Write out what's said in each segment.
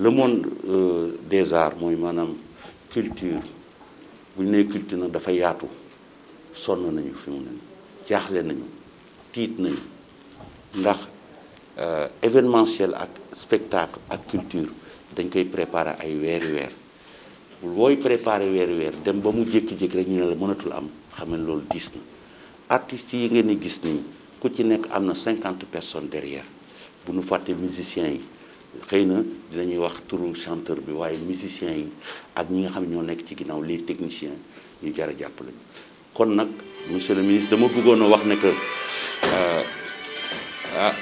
le monde euh, des arts moy manam culture bu ne culture nag dafa yaatu sonn nañu fi mu ne jaaxle nañu tit nañu ndax euh, événementiel ak spectacle ak culture dañ koy préparer ay wér wér weer booy préparer wér wér dem ba mu jékki-jékki rek ñu ne la mënatul am xam ne dis na artistes yi ngeen ni gis ni ku ci nekk amna 50 personnes derrière bu nu faté musiciens yi xëy na dinañuy wax turu chanteur bi waaye musiciens yi ak ñi nga xam ñoo nekk ci ginnaaw les technicien ñu jar a jàppale kon nag monsieur le ministre dama bëggoon a wax ne que euh, ah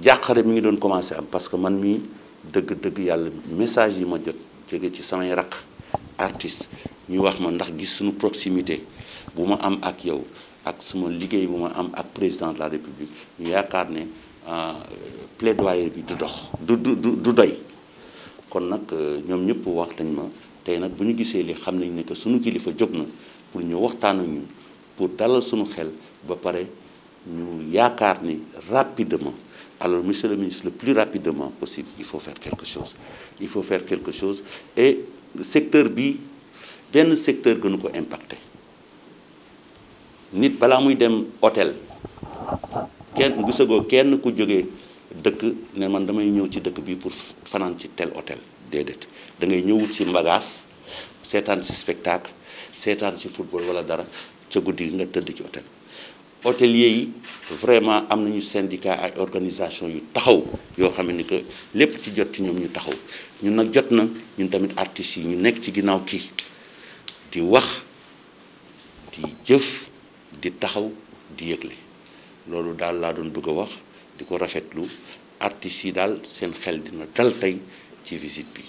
jàqare mi ngi doon commencé am parce que man mi dëgg-dëgg yàlla message yi ma jot jege ci samay rakk artiste ñu wax ma ndax gis suñu proximité bu ma am ak yow ak suma liggéey bu ma am ak président de la république ñu yaakaar ne ah, plaidoyer bi du dox du du du doy kon nak euh, ñom ñëpp wax nañ ma tay nak buñu gisé li xam nañ ne que suñu kilifa jogna pour ñu waxtaan ak ñun pour dalal suñu xel ba paré ñu yaakar ni rapidement alors monsieur le ministre le plus rapidement possible il faut faire quelque chose il faut faire quelque chose et le secteur bi le secteur gënu ko impacté nit bala muy dem hôtel kenn gisagoo kenn ku jógee dëkk ne man damay ñëw ci dëkk bi pour fanaan ci tel hôtel dedet da ngay ñëwut ci mbagas si spectacle setan si football wala dara ca guddi nga tëdd ci hôtel hôtelier yi vraiment am nañu syndicat ay organisation yu taxaw yo xam ni que lépp ci jot ci ñom ñu taxaw ñun nak jot na ñun tamit artiste yi ñu nekk ci ginaaw ki di wax di jëf di taxaw di yëgle lolu dal la doon bëgg wax di ko rafetlu artiste yi daal seen xel dina dal tey ci visite bi.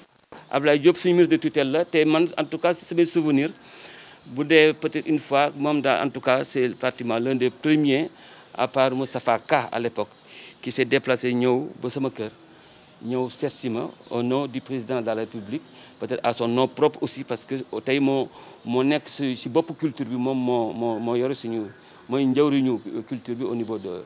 Ablaye Diop suñu ministre de tutelle la te man en tout cas c'est mes souvenirs. bu dee peut-être une fois moom daal en tout cas c'est pratiquement l'un des premiers à part Moustapha Ka à l'époque qui s'est déplacé ñëw ba sama kër ñëw seet si ma au nom du président de la République peut-être à son nom propre aussi parce que tey moo moo nekk si si bopp culture bi moom moo moo moo yore suñu mooy njëwriñu culture bi au niveau de.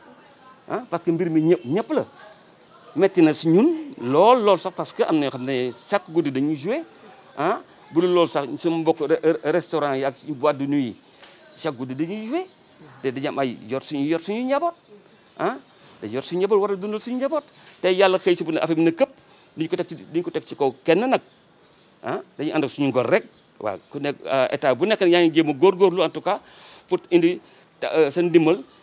ah parce que mbir mi ñëpp ñëpp la métti na si ñun lool lool sax parce que am na xam ne chaque guddi dañuy joué ah bu dul loolu sax sama mbokk restaurant yi ak de nuit yi guddi dañuy joué te ay yor suñu yor suñu njaboot ah dañu yor suñu njaboot war a dundal suñu njaboot tey yàlla xëy si bu ne affaire na këpp duñu ko teg ci duñu ko teg ci kaw kenn nag ah dañu ànd ak suñu ngor rek waaw ku nekk euh, état bu nekk yaa ngi jéem a góorgóorlu en tout cas pour indi euh, seen ndimbal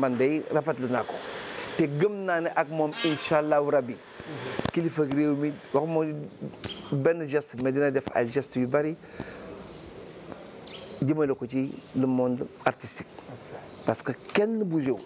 man day rafetlu naa ko te gëm naa ne ak mom inshallah rabbi kilifa rew mi wax mo ben geste me dina def ay geste yu bari jëmale ko ci le monde artistique parce que kenn bougéwul